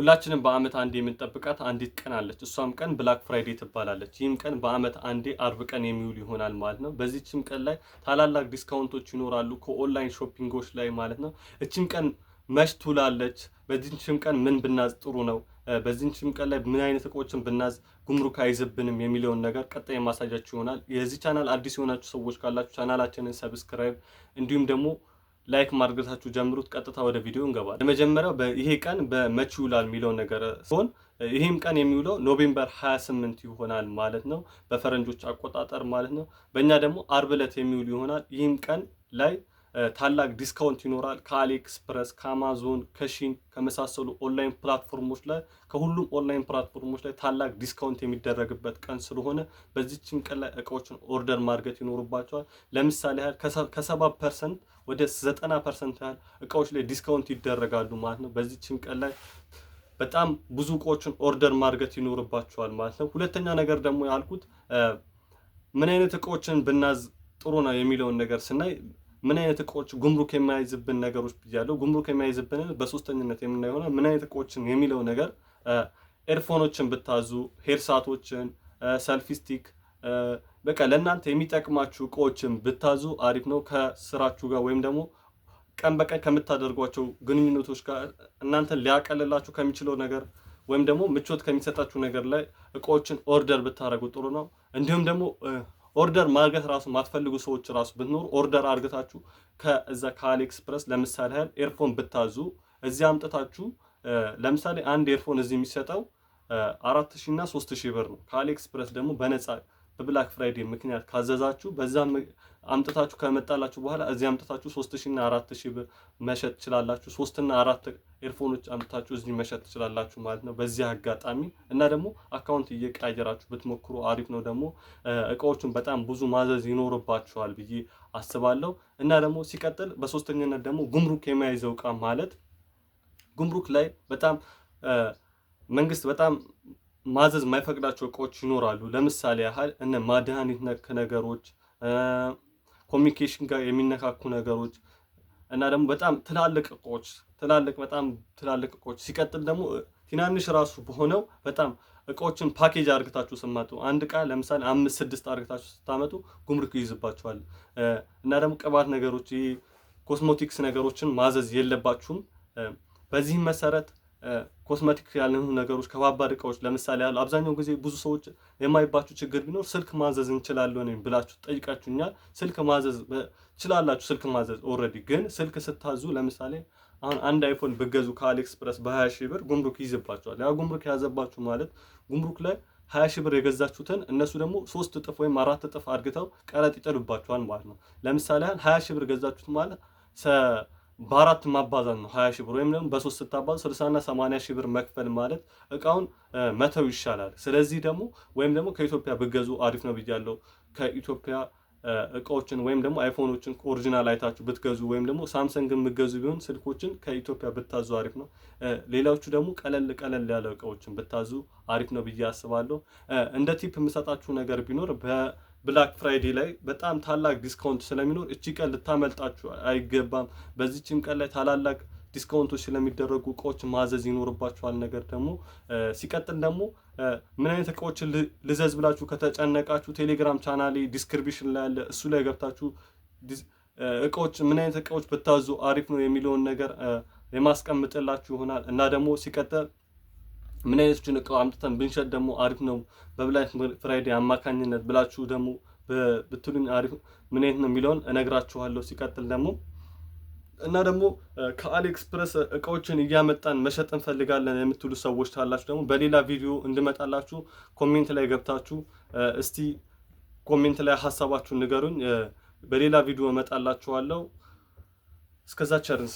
ሁላችንም በአመት አንዴ የምንጠብቃት አንዲት ቀን አለች። እሷም ቀን ብላክ ፍራይዴ ትባላለች። ይህም ቀን በአመት አንዴ አርብ ቀን የሚውል ይሆናል ማለት ነው። በዚችም ቀን ላይ ታላላቅ ዲስካውንቶች ይኖራሉ ከኦንላይን ሾፒንጎች ላይ ማለት ነው። እችም ቀን መች ትውላለች? በዚችም ቀን ምን ብናዝ ጥሩ ነው? በዚችም ቀን ላይ ምን አይነት እቃዎችን ብናዝ ጉምሩክ አይዝብንም የሚለውን ነገር ቀጣይ የማሳያችሁ ይሆናል። የዚህ ቻናል አዲስ የሆናችሁ ሰዎች ካላችሁ ቻናላችንን ሰብስክራይብ እንዲሁም ደግሞ ላይክ ማድረጋችሁ ጀምሩት። ቀጥታ ወደ ቪዲዮ እንገባለን። ለመጀመሪያው ይሄ ቀን በመች ይውላል የሚለው ነገር ሲሆን ይህም ቀን የሚውለው ኖቬምበር 28 ይሆናል ማለት ነው፣ በፈረንጆች አቆጣጠር ማለት ነው። በእኛ ደግሞ አርብ ዕለት የሚውል ይሆናል። ይህም ቀን ላይ ታላቅ ዲስካውንት ይኖራል። ከአሊኤክስፕረስ፣ ከአማዞን፣ ከሺን ከመሳሰሉ ኦንላይን ፕላትፎርሞች ላይ ከሁሉም ኦንላይን ፕላትፎርሞች ላይ ታላቅ ዲስካውንት የሚደረግበት ቀን ስለሆነ በዚችን ቀን ላይ እቃዎችን ኦርደር ማድረግ ይኖርባቸዋል። ለምሳሌ ያህል ከሰባ ፐርሰንት ወደ 90 ፐርሰንት ያህል እቃዎች ላይ ዲስካውንት ይደረጋሉ ማለት ነው። በዚህ ቀን ላይ በጣም ብዙ እቃዎችን ኦርደር ማድረግ ይኖርባቸዋል ማለት ነው። ሁለተኛ ነገር ደግሞ ያልኩት ምን አይነት እቃዎችን ብናዝ ጥሩ ነው የሚለውን ነገር ስናይ ምን አይነት እቃዎች ጉምሩክ የማይዝብን ነገሮች ብያለሁ። ጉምሩክ የማይዝብን በሶስተኝነት የምናየው ሆነ ምን አይነት እቃዎችን የሚለው ነገር ኤርፎኖችን ብታዙ፣ ሄርሳቶችን፣ ሰልፊስቲክ በቃ ለእናንተ የሚጠቅማችሁ እቃዎችን ብታዙ አሪፍ ነው። ከስራችሁ ጋር ወይም ደግሞ ቀን በቀን ከምታደርጓቸው ግንኙነቶች ጋር እናንተን ሊያቀልላችሁ ከሚችለው ነገር ወይም ደግሞ ምቾት ከሚሰጣችሁ ነገር ላይ እቃዎችን ኦርደር ብታደረጉ ጥሩ ነው። እንዲሁም ደግሞ ኦርደር ማድረግ ራሱ ማትፈልጉ ሰዎች ራሱ ብትኖሩ ኦርደር አድርገታችሁ ከዛ ከአሊኤክስፕረስ ለምሳሌ ያህል ኤርፎን ብታዙ እዚህ አምጥታችሁ ለምሳሌ አንድ ኤርፎን እዚህ የሚሰጠው አራት ሺ እና ሶስት ሺህ ብር ነው። ከአሊኤክስፕረስ ደግሞ በነፃ በብላክ ፍራይዴ ምክንያት ካዘዛችሁ በዛ አምጥታችሁ ከመጣላችሁ በኋላ እዚህ አምጥታችሁ ሶስት እና አራት ብር መሸጥ ትችላላችሁ። ሶስትና አራት ኤርፎኖች አምጥታችሁ እዚህ መሸጥ ትችላላችሁ ማለት ነው። በዚህ አጋጣሚ እና ደግሞ አካውንት እየቀያየራችሁ ብትሞክሩ አሪፍ ነው። ደግሞ እቃዎቹን በጣም ብዙ ማዘዝ ይኖርባችኋል ብዬ አስባለሁ። እና ደግሞ ሲቀጥል በሶስተኛነት ደግሞ ጉምሩክ የሚያይዘው እቃ ማለት ጉምሩክ ላይ በጣም መንግስት በጣም ማዘዝ የማይፈቅዳቸው እቃዎች ይኖራሉ። ለምሳሌ ያህል እነ ማድኃኒት ነክ ነገሮች፣ ኮሚኒኬሽን ጋር የሚነካኩ ነገሮች እና ደግሞ በጣም ትላልቅ እቃዎች ትላልቅ በጣም ትላልቅ እቃዎች ሲቀጥል ደግሞ ትናንሽ ራሱ በሆነው በጣም እቃዎችን ፓኬጅ አርግታችሁ ስማጡ አንድ እቃ ለምሳሌ አምስት ስድስት አርግታችሁ ስታመጡ ጉምሩክ ይይዝባችኋል። እና ደግሞ ቅባት ነገሮች፣ ኮስሞቲክስ ነገሮችን ማዘዝ የለባችሁም። በዚህም መሰረት ኮስሜቲክ ያልሆኑ ነገሮች፣ ከባባድ እቃዎች ለምሳሌ ያሉ አብዛኛው ጊዜ ብዙ ሰዎች የማይባችሁ ችግር ቢኖር ስልክ ማዘዝ እንችላለን ብላችሁ ጠይቃችሁኛል። ስልክ ማዘዝ ችላላችሁ፣ ስልክ ማዘዝ ኦልሬዲ። ግን ስልክ ስታዙ ለምሳሌ አሁን አንድ አይፎን ብገዙ ከአሊኤክስፕረስ በ20 ሺህ ብር ጉምሩክ ይይዝባችኋል። ያ ጉምሩክ ያዘባችሁ ማለት ጉምሩክ ላይ ሀያ ሺህ ብር የገዛችሁትን እነሱ ደግሞ ሶስት እጥፍ ወይም አራት እጥፍ አድግተው ቀረጥ ይጥሉባችኋል ማለት ነው። ለምሳሌ ሀያ ሺህ ብር ገዛችሁት ማለት በአራት ማባዛት ነው ሀያ ሺህ ብር ወይም ደግሞ በሶስት ስታባዙ ስልሳና እና ሺህ ብር መክፈል ማለት እቃውን መተው ይሻላል። ስለዚህ ደግሞ ወይም ደግሞ ከኢትዮጵያ ብገዙ አሪፍ ነው ብያለሁ። ከኢትዮጵያ እቃዎችን ወይም ደግሞ አይፎኖችን ኦሪጂናል አይታችሁ ብትገዙ ወይም ደግሞ ሳምሰንግ የምገዙ ቢሆን ስልኮችን ከኢትዮጵያ ብታዙ አሪፍ ነው። ሌላዎቹ ደግሞ ቀለል ቀለል ያለ እቃዎችን ብታዙ አሪፍ ነው ብዬ አስባለሁ። እንደ ቲፕ የምሰጣችሁ ነገር ቢኖር በ ብላክ ፍራይዴ ላይ በጣም ታላቅ ዲስካውንት ስለሚኖር እቺ ቀን ልታመልጣችሁ አይገባም። በዚችም ቀን ላይ ታላላቅ ዲስካውንቶች ስለሚደረጉ እቃዎች ማዘዝ ይኖርባችኋል። ነገር ደግሞ ሲቀጥል ደግሞ ምን አይነት እቃዎችን ልዘዝ ብላችሁ ከተጨነቃችሁ ቴሌግራም ቻናሌ ዲስክሪፕሽን ላይ ያለ እሱ ላይ ገብታችሁ እቃዎች ምን አይነት እቃዎች ብታዙ አሪፍ ነው የሚለውን ነገር የማስቀምጥላችሁ ይሆናል እና ደግሞ ሲቀጥል ምን አይነቶችን እቃ አምጥተን ብንሸጥ ደግሞ አሪፍ ነው በብላክ ፍራይዴ አማካኝነት ብላችሁ ደግሞ ብትሉኝ አሪፍ ምን አይነት ነው የሚለውን እነግራችኋለሁ። ሲቀጥል ደግሞ እና ደግሞ ከአሊኤክስፕረስ እቃዎችን እያመጣን መሸጥ እንፈልጋለን የምትሉ ሰዎች ታላችሁ ደግሞ በሌላ ቪዲዮ እንድመጣላችሁ ኮሜንት ላይ ገብታችሁ እስቲ ኮሜንት ላይ ሀሳባችሁ ንገሩኝ። በሌላ ቪዲዮ እመጣላችኋለሁ። እስከዛ ቸርን